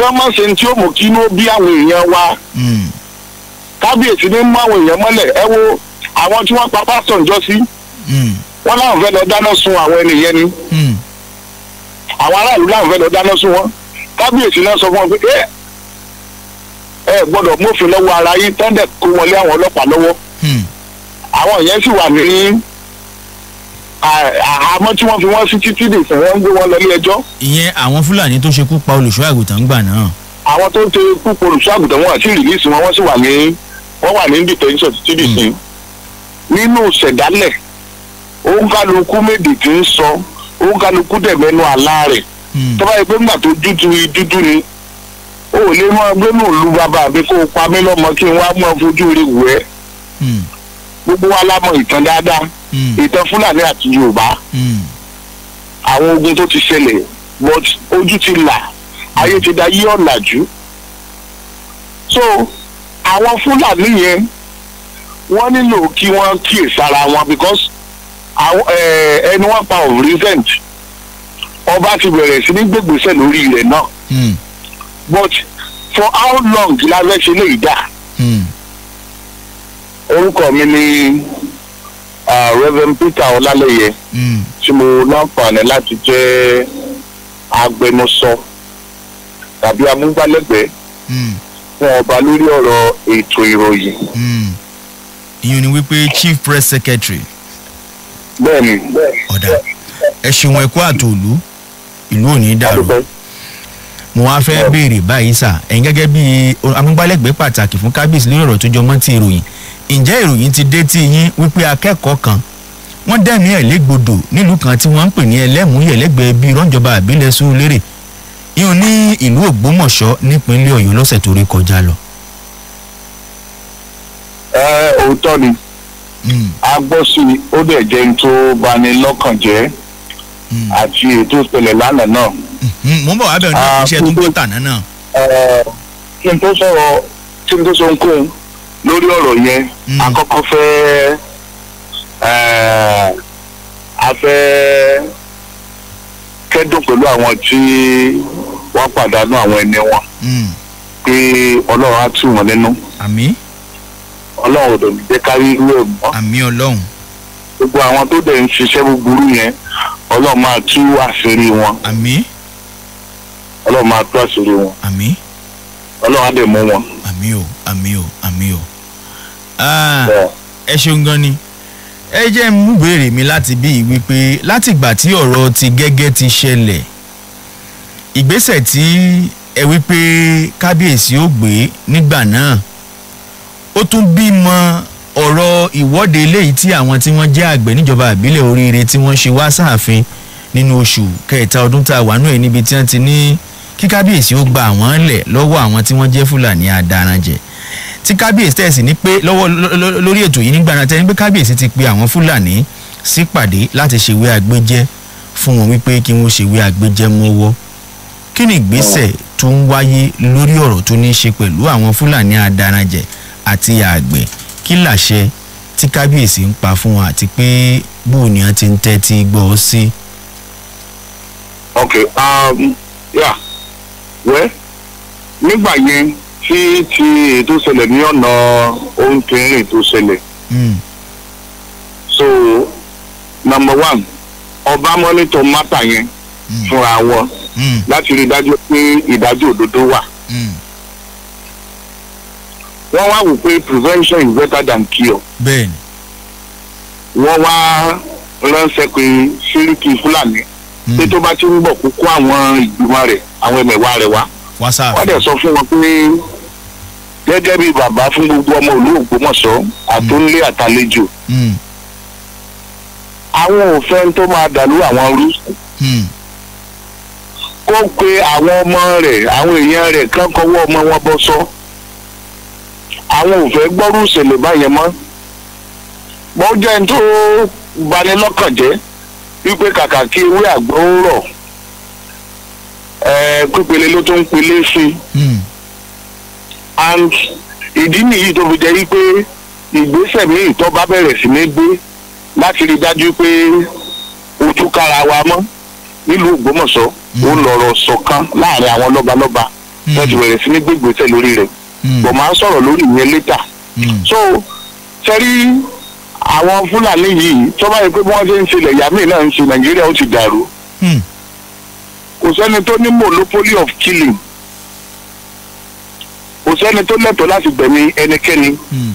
kán má ṣe tí ó mú kí ló bí àwọn èèyàn wa hmm. kábíyèsí ní mú àwọn èèyàn mọ́lẹ̀ ẹ wo àwọn tí wọ́n pa pásítọ̀ ǹjọ́ sí hmm. wọ́n láwọn fẹ́ lọ dáná sun àwọn ènìyàn ni hmm. àwọn aráàlú láwọn fẹ́ lọ dáná sun wọn kábíyèsí náà sọ fún wọn pé ẹ ẹ gbọ́dọ̀ mófin lọ́wọ́ ara yín tọ́ndẹ̀ kó wọlé àwọn ọlọ́pàá lọ́wọ́ àwọn yẹn sì wà ní àmọ́ tí wọ́n fi wọ́n sí títí dè fún wọn ń gbé wọn lọ ilé ẹjọ́. ìyẹn àwọn fúlàní tó ṣekú pa olùṣọ́ àgùntàn gbà náà. àwọn tó ń ṣekú pa olùṣọ́ àgùntàn wọn àti rìlíìsì wọn wọ́n sì wà ní wọ́n wà ní detention títí dè sí. Hmm. nínú ṣẹ̀dálẹ̀ òǹkàlùkù méjì tí ń sọ òǹkàlùkù dẹ̀ mẹ́nu àlá rẹ̀ hmm. tó bá yẹ pé ńgbà tó dúdú dúdú ni o ò lè mọ gbẹ́nu òlu bàbá mi kó o pa mí lọ́mọ kí n wá mọ fojú rẹ̀ wù ẹ́ hmm. gbogbo wa lámọ ìtàn dáadáa Hmm. ìtàn fúlàní àti yorùbá hmm. àwọn ogun tó ti ṣẹlẹ̀ but ojú ti là ayé ti da yí ọ̀làjú so àwọn fúlàní yẹn wọ́n nílò kí wọ́n kíyèsára wọn because ẹni wọ́n pa of recent ọba ti bẹ̀rẹ̀ sí ní gbégbèsè lórí rẹ̀ náà hmm. but for how long la fẹ́ ṣe lè dà orúkọ mi ni. Ah, Reverend Peter Ọlálẹyẹ hmm. tí mo láǹfààní láti jẹ́ agbẹnusọ tàbí amúgbálẹ́gbẹ̀ẹ́ hmm. fún ọba lórí ọ̀rọ̀ ètò ìròyìn. Hmm. ìyẹn wípé chief press secretary. bẹ́ẹ̀ni. ọ̀dà ẹ ṣeun ẹ̀kọ́ àtòlú ìlú ò ní dàrú mo wá fẹ́ béèrè báyìí sà ẹ̀yin gẹ́gẹ́ bí amúgbálẹ́gbẹ̀ẹ́ pàtàkì fún kábíyèsí lórí ọ̀rọ̀ tó jọ mọ́ ti ìròyìn ǹjẹ́ ìròyìn ti dé tí yín wípé akẹ́kọ̀ọ́ kan wọ́n dẹ̀mí ẹ̀ légbodò nílùú kan tí wọ́n ń pè ní ẹlẹ́múyẹ̀ lẹ́gbẹ̀ẹ́ bíi rọ́njọba àbílẹ̀ sólérè yíyan ní ìlú ògbómọ̀ṣọ́ nípínlẹ̀ ọ̀yọ́ lọ́sẹ̀ tó rí kọjá lọ. ẹ òótọ́ ni hmm. a gbọ́ sí i ó dẹ̀ jẹ́ ní tó bani lọ́kàn jẹ́ hmm. àti ètò ìpìlẹ̀ lánàá náà. mo hmm, ń bọ̀ wá bẹ̀rù ní ah, iṣẹ́ tó ń gbọ́ tàná náà. Eh, kí n tó sọ̀rọ̀ kí n tó sọ ohunkóhun lórí ọ̀rọ̀ yẹn hmm. àkọ́kọ́ fẹ́ eh, a fẹ́ kẹ́dùn pẹ̀lú àwọn tí wọ́n pàdánù àwọn ẹni wọn hmm. pé ọlọ́run á tù wọ́n nínú ọlọ́run ò dẹ̀ jẹ́ kárí irú ẹ̀ mọ́ gbogbo àwọn tó dẹ̀ ń ṣiṣẹ́ búburú yẹn ọlọ́run máa tú àṣírí wọn ọlọ́run máa tú àṣírí wọn ọlọ́run á dẹ̀ mú wọn àmì o àmì o àmì o ah, ẹ ṣeun gan ni ẹ jẹ́ mú béèrè mi láti bí i wípé látìgbà tí ọ̀rọ̀ ti gẹ́gẹ́ ti ṣẹlẹ̀ ìgbésẹ̀ tí ẹ wípé kábíyèsí ó gbé nígbà náà ó tún bímọ ọ̀rọ̀ ìwọ́de eléyìí tí àwọn tí wọ́n jẹ́ àgbẹ̀ níjọba àbílẹ̀ oríire tí wọ́n ṣe wá sáàfin nínú oṣù kẹta ọdún tá a wà nù ẹ̀ níbi tí wọ́n ti ní. Ni kí kábíyèsí ó gba àwọn lẹ̀ lọ́wọ́ àwọn tí wọ́n jẹ́ fúlàní adaranjẹ tí kábíyèsí tẹ̀sí ni pé lọ́wọ́ lórí ètò yìí nígbà náà tẹ́ ni pé kábíyèsí ti pe àwọn fúlàní sípàdé láti ṣèwé agbẹ́jẹ́ fún wọn wípé kí wọ́n ṣèwé agbẹ́jẹ́ mọ́wọ́ kí ni ìgbésẹ̀ tó ń wáyé lórí ọ̀rọ̀ tó ní í ṣe pẹ̀lú àwọn fúlàní adaranjẹ àti àgbẹ̀ kí làṣẹ tí kábíyèsí ń pa fún wọn àti pé bóò ni wọn ti ń tẹ́tí gbọ́ sí. ok um, yeah wẹ́ nígbà yẹn tí ti ètò ṣẹlẹ̀ ní ọ̀nà ohun tẹ́rìn tó ṣẹlẹ̀ hmm. so number one ọba mọ́nítọ̀ mátà yẹn hmm. fúnra wọn hmm. láti rí dájú pé ìdájọ́ òdodo wà wọ́n wá wò pé prevention is better than cure bẹ́ẹ̀ni wọ́n wá ránṣẹ́ pé síríkì fúlàní pé tó bá ti ń bọ̀ kó kó àwọn ìgbìmọ̀ rẹ̀ àwọn ẹmẹ̀wà rẹ̀ wá. wọ́n dẹ̀ sọ fún wọn pé gẹ́gẹ́ bí bàbá fún gbogbo ọmọ ìlú Ògbómọ̀ṣọ́ àtúnlé hmm. àtàlejò hmm. àwọn òfin tó máa dàlú àwọn rú hmm. kó pe àwọn ọmọ rẹ̀ àwọn èèyàn rẹ̀ kán kọ́wọ́ ọmọ wọn bọ́ sọ àwọn òfin gbọ́rú ìṣẹ̀lẹ̀ báyẹn mọ́ bọ́jẹ́ tó banilọ́kànjẹ́ wípé kàkà kí ewé àgbọ̀ rọ̀ pípele ló tó ń pele sí hmm. and ìdí nìyí tó fi jẹ́ wípé ìgbésẹ̀ míì tó bá bẹ̀rẹ̀ sí ní gbé láti rí dájú pé ojú kára wa mọ́ nílùú Ògbómọ̀ṣọ́ hmm. ó lọ́rọ̀ ṣọ̀kan láàrin àwọn lọ́balọ́ba hmm. wọ́n ti bẹ̀rẹ̀ sí ní gbé ìgbésẹ̀ lórí rẹ̀ bọ̀ máa ń sọ̀rọ̀ lórí ìyẹn létà so sẹ́rí àwọn Fúlàní yìí tó bá yẹ pé bí wọ́n ṣe ń ṣe ilẹ̀ yàmí náà ń ṣe Nàìjíríà ó ti dàrú kò sẹ́ni tó ní monopoly of killing kò sẹ́ni tó lẹ́tọ̀ọ́ láti gbẹ̀mí ẹnikẹ́ni hmm.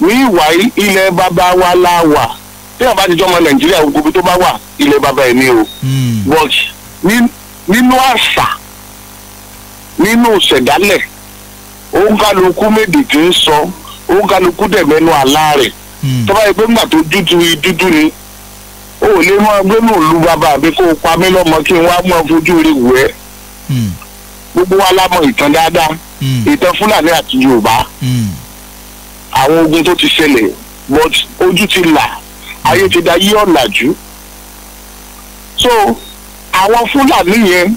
ní ìwà ilẹ̀ bàbá wa la wà tí a bá ti jọmọ nàìjíríà gbogbo tó bá wà ilẹ̀ bàbá ẹ̀ hmm. ní o but nínú àṣà nínú ṣẹ̀dálẹ̀ òǹkàlùkù méjì tí ń sọ òǹkàlùkù dẹ̀ mẹ́nu àlá rẹ̀ hmm. tó bá yẹ pé ńgbà tó dúdú dúdú ni o ò lè mọ gbẹ́nu ìlú bàbá mi kó o pa mí lọ́mọ kí n wá mọ fojú rí wù ẹ́ hmm. gbogbo wa la ìtàn dáadáa hmm. ìtàn Fúlàní àti Yorùbá hmm. àwọn ogun tó ti ṣẹlẹ̀ but ojú ti là ayé ti da yí ọ̀làjú so àwọn Fúlàní yẹn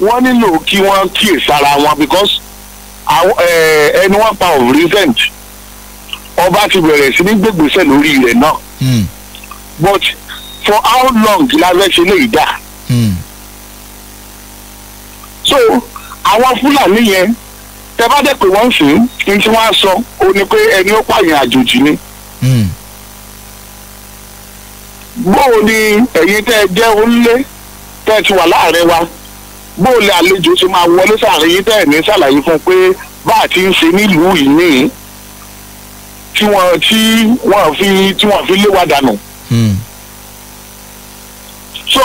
wọ́n nílò kí wọ́n kíyèsára wọn because ẹni wọ́n pa of recent ọba ti bẹ̀rẹ̀ sí ní gbègbèsẹ̀ lórí rẹ̀ náà but for how long la fẹ́ ṣe léyìí dá. Hmm. so àwọn fúlàní yẹn tẹ bá dẹ̀ pé wọ́n ń sìn ní tí wọ́n á sọ ó ní pé ẹni ó pààyàn àjòjì ni. Hmm. bóò ni ẹ̀yin tẹ́ ẹ jẹ́ onílé tẹ́ ẹ ti wà láàrin wa bóò lè àlejò ṣe máa wọlé sáàrin yín tẹ́ ẹ̀ ní ṣàlàyé fún un pé bá a ti ń ṣe nílùú yìí tí wọ́n fi tí wọ́n fi lé wa Hmm. so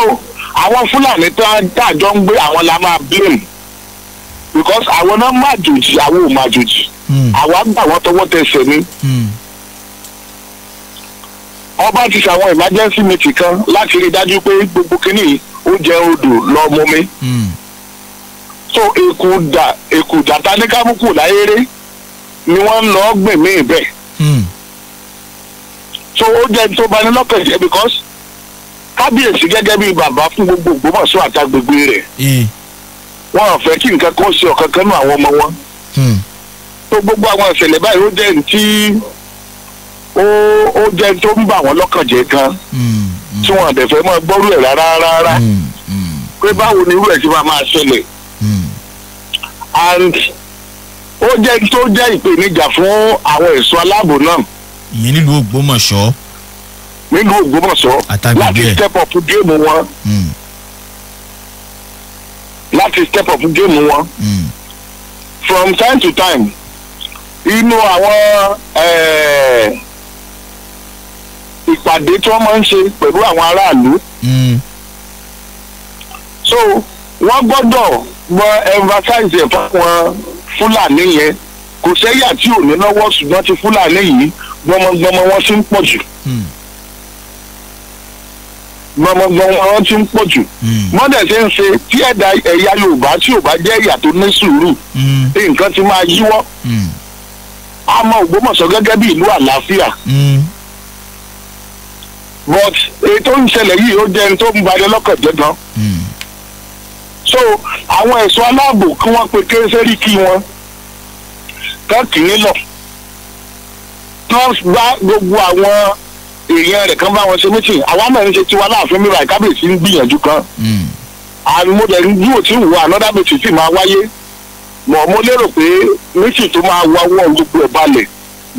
àwọn fúlàní tó dájọ́ ń gbé àwọn la máa blame because àwọn náà má jòjì àwọn ò má jòjì hmm. àwa gbà wọ́n tọwọ́ tẹsẹ̀ ni hmm. ọba ti ṣàwọn emergency meeting kan láti rí i dájú pé gbogbo kini ó je odò lọ mú so èkó dà èkó puku ní kámúkù láyéré ni wọ́n ń lọ gbẹ̀mí so ó jẹ́ ní tó bani lọ́kàn jẹ́ because kábíyèsí gẹ́gẹ́ bí bàbá fún gbogbo Ògbómọ̀ṣọ́ àtàgbègbè rẹ̀ hmm. wọn ò fẹ́ kí nǹkan kan ṣe ọ̀kan kan nù àwọn ọmọ wọn tó hmm. gbogbo àwọn ìṣẹ̀lẹ̀ báyìí ó jẹ́ ní tí ó ó jẹ́ ní tó ń bà wọ́n lọ́kàn jẹ́ kan hmm. tí wọn àdẹ̀fẹ́ máa gbọ́rú ẹ̀ rárá rárá pé báwo ni irú ẹ̀ ti máa máa ṣẹlẹ̀ and ó jẹ́ ní tó jẹ́ ìpèníjà fún àwọn ẹ̀ṣọ́ aláàbò náà ìyẹn nílùú ògbómọ̀ṣọ́. nílùú ògbómọ̀ṣọ́ hmm. láti step up géèmù wọn láti step up géèmù wọn from time to time inú àwọn ìpàdé tí wọ́n máa ń ṣe pẹ̀lú àwọn aráàlú hmm. so wọ́n gbọ́dọ̀ mọ emphasize ẹ̀ fún wọn fúlàní yẹn kò sẹ́yà tí ò ní lọ́wọ́ ṣùgbọ́n ti fúlàní yìí gbọmọgbọmọ wọn ti ń pọ̀ jù gbọmọgbọmọ wọn ti ń pọ̀ jù mọ́dẹ̀ hmm. ṣe ń ṣe tí ẹ̀dá ẹ̀yà Yorùbá tí ò bá jẹ́ ẹ̀yà ní sùúrù hmm. nǹkan ti máa yíwọ́ hmm. a mọ Ògbómọ̀ṣọ́ gẹ́gẹ́ bí ìlú àlàáfíà but èyí tó yìí ó jẹ́ tó ń balẹ̀ lọ́kàn jẹ́ gan so àwọn ẹ̀ṣọ́ aláàbò kí wọ́n pe kérésẹ́rì kí wọ́n kán kì tán gbá gbogbo àwọn èèyàn rẹ̀ kan bá wọn ṣe mítìn àwọn ọmọ ìrìnsẹ̀ tiwa láàfin mi báyìí kábíyèsí ń gbìyànjú kan hmm. àmọ́ dẹ̀ yóò ti wù another mítìn sì máa wáyé mọ̀ mo lérò pé mítìn tó máa wá wọ́n gbogbo ẹ̀ balẹ̀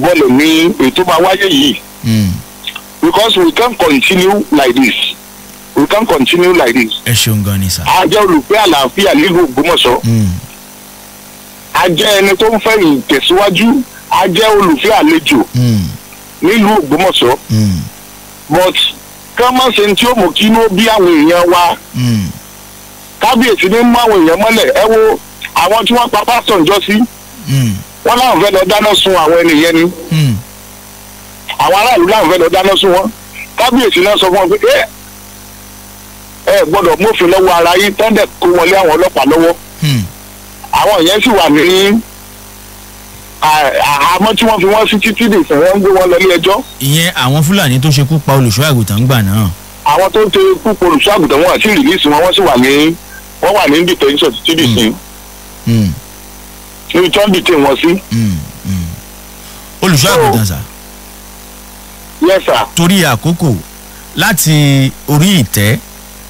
bọ́ọ̀lù ní ètò máa wáyé yìí hmm. because we can continue like this we can continue like this. ẹ ṣeun gan ni sá. a jẹ́ olùgbé àlàáfíà nílùú Ògbómọ̀ṣọ́ hmm. a jẹ́ ẹni tó ń fẹ́ ìtẹ̀síwájú a jẹ́ olùfẹ́ àlejò hmm. nílùú Ògbómọ̀ṣọ́ hmm. but kán má ṣe tí ó mú kí inú bí àwọn èèyàn wa hmm. kábíyèsí ní mú àwọn èèyàn mọ́lẹ̀ ẹ wo àwọn tí wọ́n pa pásítọ̀ ǹjọ́ sí wọ́n láwọn fẹ́ lọ dáná sun àwọn ènìyàn ni àwọn aráàlú láwọn fẹ́ lọ dáná sun wọn kábíyèsí náà sọ fún wọn pé ẹ ẹ gbọ́dọ̀ mófin lọ́wọ́ ara yín tọ́ndẹ̀ kó wọlé àwọn ọlọ́pàá lọ́wọ́ àwọn yẹn sì wà ní àhámọ́ tí wọ́n fi wọ́n sí títí dè fún wọ́n ń gbé wọn lọ ilé ẹjọ́. ìyẹn àwọn fúlàní tó ṣekú pa olùṣọ́ àgùntàn gbà náà. àwọn tó ń ṣe kú pa olùṣọ́ àgùntàn wọn àti rìlíìsì wọn wọ́n sì wà ní wọ́n wà ní detention títí dè sí. Hmm. Hmm. níbi tí wọ́n dìtẹ̀ wọn sí. Hmm. olùṣọ́ àgùntàn sà. yes sà. torí àkókò láti orí ìtẹ́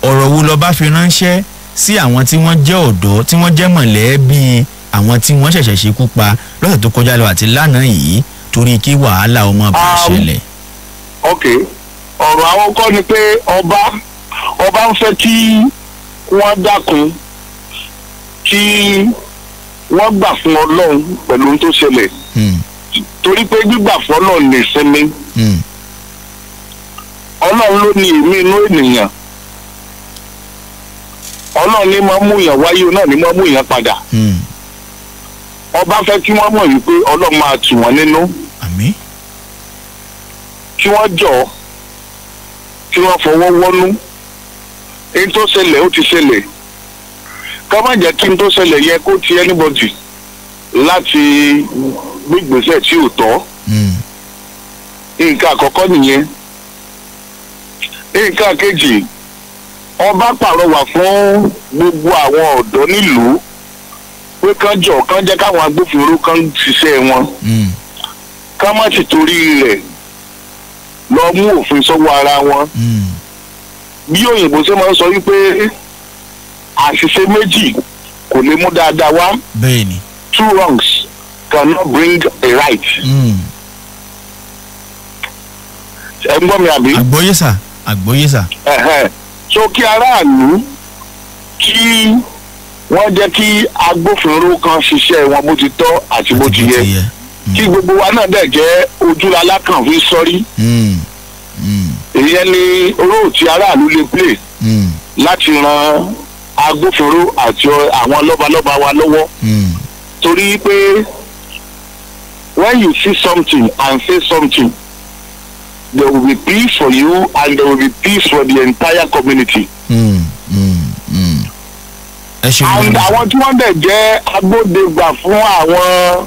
ọ̀rọ̀ wo lọ bá fi ránṣẹ́ sí àwọn tí wọ́n jẹ́ ọ̀dọ́ tí wọ́n jẹ́ mọ̀lẹ́bí àwọn tí wọ́n ṣẹ̀ṣẹ̀ ṣekú pa lọ́sẹ̀ tó kọjá lọ àti lánàá yìí torí kí wàhálà ọmọ bá ṣẹlẹ̀. ok ọ̀rọ̀ àwọn kọ́ ni pé ọba ọba ń fẹ́ kí wọ́n dákun kí wọ́n gbà fún ọlọ́run pẹ̀lú ohun tó ṣẹlẹ̀ hmm. torí pé gbígbà fún ọlọ́run lè sinmi hmm. ọlọ́run ló ní ìmí inú ènìyàn ọlọ́run ní máa mú yàn wáyé náà ní máa mú yàn padà. Mm ọba fẹ́ kí wọ́n mọ̀ wípé ọlọ́run máa tù wọ́n nínú àmín kí wọ́n jọ kí wọ́n fọwọ́ wọ́nú ẹni tó ṣẹlẹ̀ ó ti ṣẹlẹ̀ ká má jẹ́ kí n tó ṣẹlẹ̀ yẹ kó ti anybody láti gbígbèsè tí ò tọ́ hmm. nǹkan àkọ́kọ́ nìyẹn nǹkan kejì ọba pàrọwà fún gbogbo àwọn ọ̀dọ́ nílùú pé kán jọ kán jẹ́ káwọn agbófinró kán ṣiṣẹ́ wọn hmm. ká má sì torí rẹ̀ lọ mú òfin sọ́wọ́ ara wọn hmm. bí òyìnbó ṣe máa ń sọ wípé àṣìṣe méjì kò lè mú dáadáa wá two wrongs cannot bring a right. Hmm. ẹ ń gbọ́ mi àbí. àgbọ́yé sà àgbọ́yé sà. so kí aráàlú kí. Ki wọ́n jẹ́ kí agbófinró kan ṣiṣẹ́ wọn bó ti tọ́ àti bó ti yẹ kí hmm. gbogbo wa náà dẹ̀ jẹ́ ojúra alákàn fi sọ́rí hmm. hmm. ìyẹn ni olóòtí aráàlú lè play láti ran agbófinró àti àwọn lọ́balọ́ba wa lọ́wọ́ torí pé when you see something and say something there will be peace for you and there will be peace for the entire community. Mm. Mm àwọn tí wọ́n dẹ̀ jẹ́ agbódegbà fún àwọn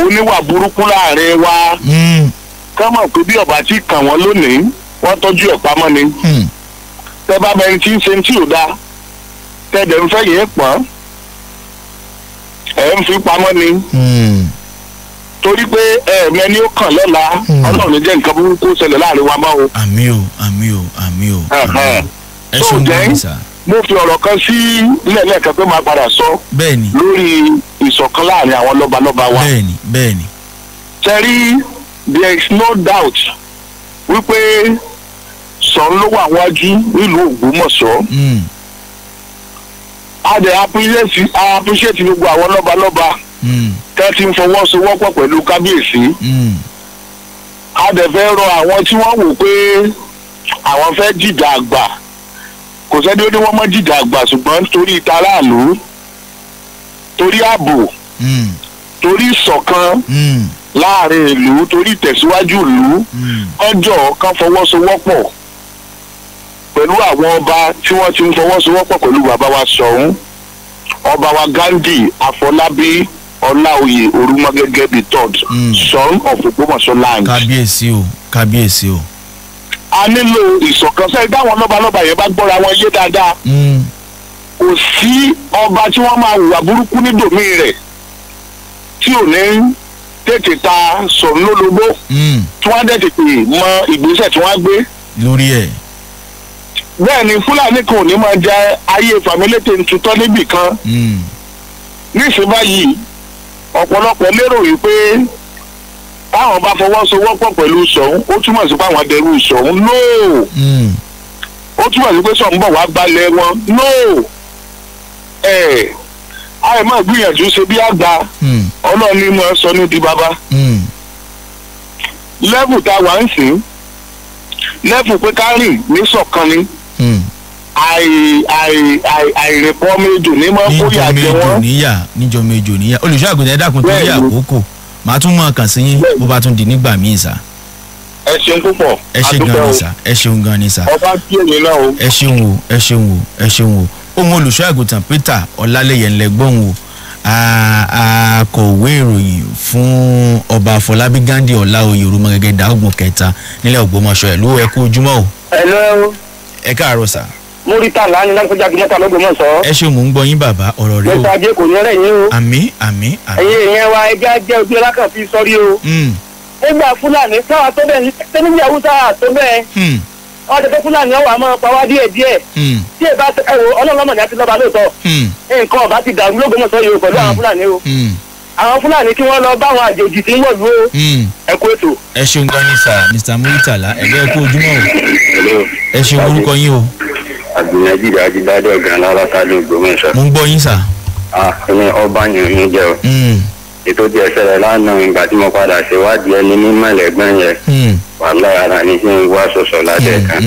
oníwà burúkú láàrin wa hmm. ká mọ̀ pé bí ọ̀bà ti kàn wọ́n lónìí wọ́n tọ́jú ẹ̀ pamọ́ ni hmm. tẹ́ bá bẹni tí ń ṣe tí ò dáa tẹ́ dẹ̀ ń fẹ́ yẹn pọ́n ẹ̀ ń fi pamọ́ ni hmm. torí pé ẹ̀ẹ̀mẹ́ni ó kàn lọ́la ọlọ́run jẹ́ nǹkan burúkú ṣẹlẹ̀ láàrin wa mọ́ o. àmì o àmì o àmì o. ẹ ṣeun gbọ́dọ̀ sá mo fi ọ̀rọ̀ kan sí ilẹ̀ pé máa padà sọ lórí ìṣọ̀kan láàrin àwọn lọ́balọ́ba wa. bẹ́ẹ̀ni there is no doubt wípé Ṣọ̀ún ló wà wájú nílùú Ògbómọ̀ṣọ́. Hmm. a dẹ̀ appreciate gbogbo àwọn lọ́balọ́ba hmm. tẹ́ ti ń fọwọ́sowọ́pọ̀ pẹ̀lú kábíyèsí. Hmm. a dẹ̀ fẹ́ rọ àwọn tí wọ́n wò pé àwọn fẹ́ dìjà àgbà. Mm sẹ́ni ó ní wọ́n mọ́ jìjà àgbà ṣùgbọ́n torí taráàlú torí ààbò hmm. torí ìṣọ̀kan hmm. láàrin ìlú torí ìtẹ̀síwájú ìlú hmm. ọjọ́ kan fọwọ́sowọ́pọ̀ pẹ̀lú àwọn ọba tí wọ́n ti ń fọwọ́sowọ́pọ̀ pẹ̀lú bàbá wa Ṣọ̀ún ọba wa Ghandi Afọlábí Ọláoyè Orúmọgẹ́gẹ́ the third Ṣọ̀ún of Ògbómọ̀ṣọ́ land. kábíyèsí o kábíyèsí o a nílò ìṣọ̀kan sẹ́yìn táwọn lọ́balọ́ba yẹn bá gbọ́ra wọn yé dáadáa mm. kò sí ọba tí wọ́n máa hùwà burúkú ní dòmí rẹ̀ tí ò ní tètè ta sọ̀rọ̀ lólobó mm. tí wọ́n á dẹ̀ tètè mọ ìgbésẹ̀ tí wọ́n á gbé. lórí ẹ̀ bẹ́ẹ̀ ni fúlàní kan ò ní máa jẹ ayé fàmílétè ntutọ́ níbì kan mm. níṣẹ́ ọ̀pọ̀lọpọ̀ lérò wípé báwọn bá fọwọ́sowọ́pọ̀ pẹ̀lú sọ̀hún ó túmọ̀ sí báwọn dẹrú sọ̀hún nóò hmm. ó túmọ̀ sí pé sọ̀hún bọ̀ wá gbalẹ̀ wọn nóò ẹ̀ àì máa gbìyànjú ṣe bí àgbà hmm. ọlọ́run ni mo sọ ní di bàbá hmm. lẹ́bù tá a wà ń sìn lẹ́bù pé ká rìn ní ṣọ̀kan ni àì àì àì àìrèpọ̀ méjò ní mọ́ kóyà jẹ wọ́n. níjọ méjò níyà olùṣọ́ àgùntàn ẹ̀dá kan tó yà àkókò màá tún mọ̀ kàn sí yín bó bá tún di nígbà míì sá. ẹ ṣeun púpọ̀ ẹ ṣe gan ni sá ẹ ṣeun gan ni sá. ọba tí èmi náà o. ẹ ṣeun o ẹ ṣeun o ẹ ṣeun o ohun olùṣọ́ àgùntàn peter ọlálẹ́yẹ ńlẹ́gbọ́n o akọ̀wé ìròyìn fún ọba àfọlábí gandhi ọláoyè orúmọgẹgẹ dàgbọn kẹta nílẹ̀ ògbómọ̀ṣọ́ ẹ̀ ló ẹ̀kú ojúmọ́ o. ẹ̀ lọ́wọ́. ẹ káàárọ̀ sá. Murtala ni lágbèjà kí mẹ́ta lọ́gbọ̀n mọ̀ sọ. ẹ ṣe mò ń gbọ́ yín bàbá ọ̀rọ̀ rẹ o. mẹ́ta ajé kò ní rẹ̀ yín o. àmì àmì àmì. ẹyẹ ìyẹn wa ẹgbẹ́ ajẹ́ ojú ọlá kan fi sọ́rí o. nígbà hmm. fúlàní káwa tó bẹ̀ tẹ́lifí haúsá tó bẹ̀ hmm. wọ́n ti fẹ́ fúlàní ọ̀wà máa pa wá díẹ̀ díẹ̀. Hmm. tí èbá ẹ̀rọ ọlọ́lọ́mọ ni a ti lọ́ba lóòótọ́. nǹkan ọ̀bá ti dàrú lóògbọ́mọ̀ sọ yìí pẹ̀lú àwọn fúlàní o. àwọn fúlàní kí wọ́n lọ bá àwọn àjèjì tí ń wọ̀ lú o. ẹ kú ètò. ẹ ṣeun gan ni sir mr Murtala ẹgbẹ́ o ẹ ṣeun orúkọ yín àgbìyànjú ìdájú dájọ́ gan lára tálẹ́ Ògbómọ̀ṣọ́. mo ń gbọ́ yín sà. ah ní ọba yẹn ń jẹ o. Hmm. ètò tí ẹ ṣẹlẹ̀ lánàá ìgbà tí mo padà ṣèwádìí ẹni ní mọ̀lẹ́gbọ́n yẹn hmm. wàhálà ara ní sí ń wá sọ̀sọ̀ lábẹ́ hmm, kan.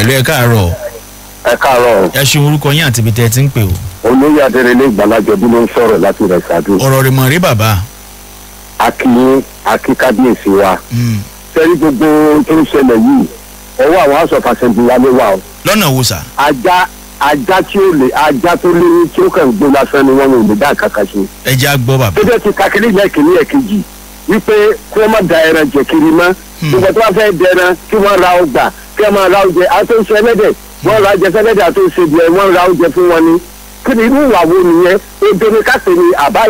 ẹ̀lú ẹ káàárọ̀. ẹ káàárọ̀. ẹ ṣe orúkọ yín àti ibi tẹ́ ẹ ti ń pè o. olóyè adérelé ìgbàlájọ bí ló ń sọ̀rọ̀ láti rẹ̀ ṣáájú. ọ̀rọ̀ rẹ̀ mọ̀ rí bàbá. akíní akíkábíyèsí wa. sẹ́rí gbogbo tó ń ṣẹlẹ̀ yìí ọwọ́ àwọn aṣọ fàṣẹ̀ǹdì wa wà o lọ́nà wo sà. ajá ajá tí ó lè ajá tó léyìn tí ó kàn gbó lásán ni wọn ò lè dá kankan ṣe. ẹ jẹ́ àgbọ̀ bàbá. tó bẹ́ẹ̀ ti kakiri yẹ kìíní ẹ̀ kejì wípé kí wọ́n má da ẹran jẹ kiri mọ́. gbogbo tó bá fẹ́ dẹran kí wọ́n ra ọgbà kí wọ́n máa ra oúnjẹ àtúnṣe ẹlẹ́dẹ̀ hmm. wọ́n ra oúnjẹ sẹ́lẹ́dẹ̀ àtúnṣe bíẹ̀ wọ́n ra oúnjẹ fún wọn ni. kí ni irú ìwà wo nìyẹn ebi ni ká pè ní àbá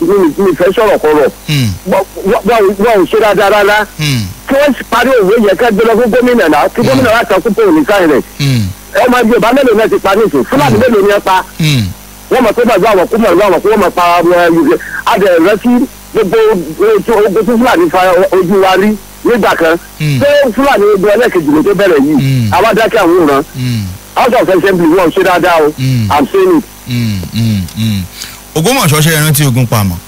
ìfẹ́ sọ̀rọ̀ kọ̀rọ̀ hmm. wọ́n ò ṣe dáadáa rárá. Hmm kí wọ́n parí òwe yẹn ká gbé lọ fún gómìnà náà kí hmm. gómìnà wa sọ fún pé òní káyìn rẹ̀ hmm. ẹ máa di ọba mélòó náà ti pa níṣẹ́ fúlàní hmm. mélòó ni ẹ pa wọ́n mọ̀ pé bàbá àwọn kó mọ̀ ìlú àwọn kó wọ́n mọ̀ pa um, adẹ̀rẹ́ sí gbogbo ogun tí fúlàní fa ojú wa rí nígbà kan pé fúlàní ogun ẹlẹ́kejì ló tó bẹ̀rẹ̀ yìí àwa dákẹ́ àwọn òran house of assembly wọ́n ṣe dáadáa o i'm saying it. Ògbómọ̀ṣọ́ ṣe é rántí ogun pamọ́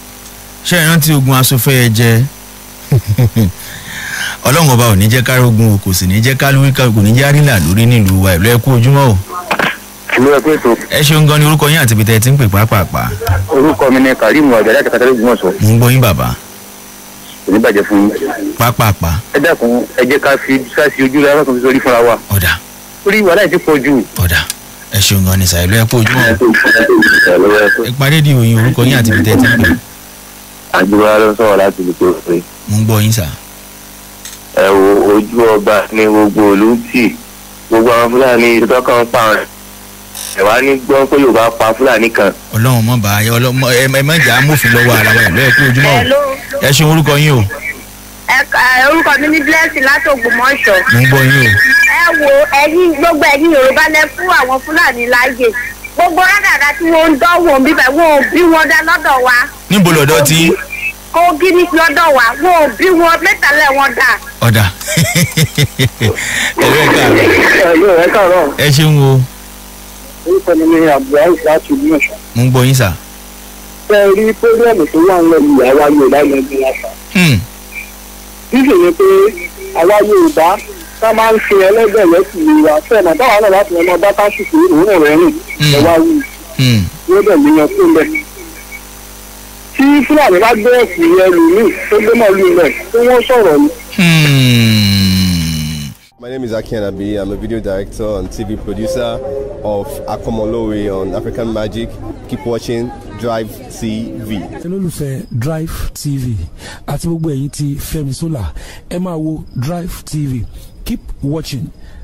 ṣe é rántí ogun asòfẹ́ ẹ jẹ́ ọlọ́run ọba ò ní jẹ́ kárógun o kò sì ní jẹ́ kálíwíkà kò ní jẹ́ àrílà lórí nílùú wa ìlú ẹ̀kú ojúmọ́ o. ìlú ẹ̀kú ètò. ẹ ṣeun gan ni orúkọ yín àti bìtẹ́ ti ń pè pàápàá. orúkọ mi ni karim ọ̀gá láti kátàlẹ́ ìgbìmọ̀ mo ń gbọ́ yín bàbá. kò ní bàjẹ́ fún yín. pápápá. ẹ dákun ẹ jẹ́ ká fi sáàsì ojú rẹ̀ alákùnrin sórí fúnra wa. ọ̀dà. orí wàhálà ti pọ̀ jù. ọ̀dà ẹ ṣeun gan ni sà ìlú ẹ̀kú ojúmọ́. ìpàdé di òyìn orúkọ yín àti bìtẹ́ ti ń pè. àjùmọ̀ ló sọ̀rọ̀ láti ibi tó pé. mo ń gbọ́ yín sà ẹ wo ojú ọba ní gbogbo òlú tì gbogbo àwọn fúlàní ìtọ́kàn ń pa ọ̀rẹ́ ẹ̀wá ní gbọ́ pé yorùbá pa fúlàní kan. ọlọ́run mọ̀ bá ẹ mọ̀ jà amófin lọ́wọ́ ara wa ìlú ẹ̀kú ojúmọ́ o ẹ ṣe orúkọ yín o. orúkọ mi ní blessing láti Ògbómọ̀ṣọ́. mo ń gbọ́ yín o. ẹ wo ẹ̀yin gbogbo ẹ̀yin yorùbá lẹ fún àwọn fúlàní láàyè gbogbo rádàrá tí wọ́n ń dánwò bíbẹ̀ wọ́n bí wọ́n dá lọ́dọ̀ wa. níbo lọ́dọ̀ tí kogi ní lọ́dọ̀ wa wọn ò bí wọn mẹ́tàlẹ́ wọn dà. ọ̀dà ẹ̀rọ ẹ̀ka ẹ̀rọ ẹ̀ka rọ. ẹ ṣeun o. orúkọ mi ni abdulhaid láti ìlú ọ̀ṣun. mo ń gbọ́ yín sà. ṣé ẹ rí pírọ́gírámù tó wà nílẹ̀ ìyá wa yorùbá yẹn bí wọn sọ. Hmm. níṣẹ́ yẹn pé àwa yorùbá ká máa ń ṣe ẹlẹ́gbẹ̀ẹ́ lẹ́sìn ìwà fẹ́ẹ̀mọ̀ táwọn náà láti ọmọ bá káṣíṣe òun tí fúlàní bá gbé ẹ̀sìn yẹn lòmíì tó gbé màálù rẹ̀ tí wọ́n sọ̀rọ̀ ni. Hmm. My name is Aki Anabi. I'm a video director and TV producer of Akomolowe on African Magic. Keep watching Drive TV. olólùfẹ́ Drive TV àti gbogbo ẹ̀yin tí Fẹ́mi Sola ẹ máa wo Drive TV. Keep watching.